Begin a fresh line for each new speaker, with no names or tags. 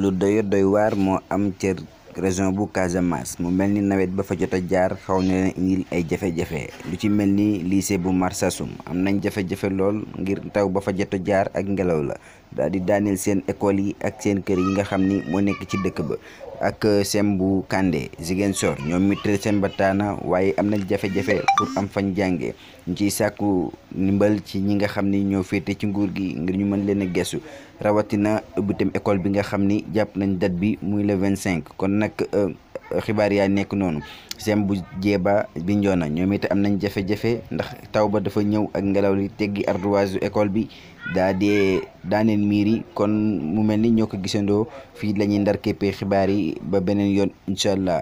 lu doy doy waar moo am ca région bu Casamance mu mel ni nawet ba fa jot a jaar xaw ne leen ay jafe-jafe lu ci mel ni lycée bu Marsassoum am nañ jafe-jafe lool ngir taw ba fa jot a jaar ak ngelaw la daal di daaneel seen école yi ak seen kër yi nga xam ni moo nekk ci dëkk ba ak euh, sem bu kande Kandé Ziguinchor ñoom it seen bataana waaye am nañ jafe-jafe pour am fañ jàngee ñu ciy sàkku ndimbal ci ñi nga xam ni ñoo féete ci nguur gi ngir ñu mën leen a rawatina ubbitam école bi nga xam ni jàpp nañ date bi muy le 25 kon Euh, xibaar yaa nekk noonu sem bu jeeba bi njoona ñoom it am nañ jafe-jafe ndax taw ba dafa ñëw ak ngelaw li teggi ardoise école bi daa dee daaneel miir yi kon mu mel ni ñoo ko gisandoo fii la ndar képpee xibaar yi ba beneen yoon incha allah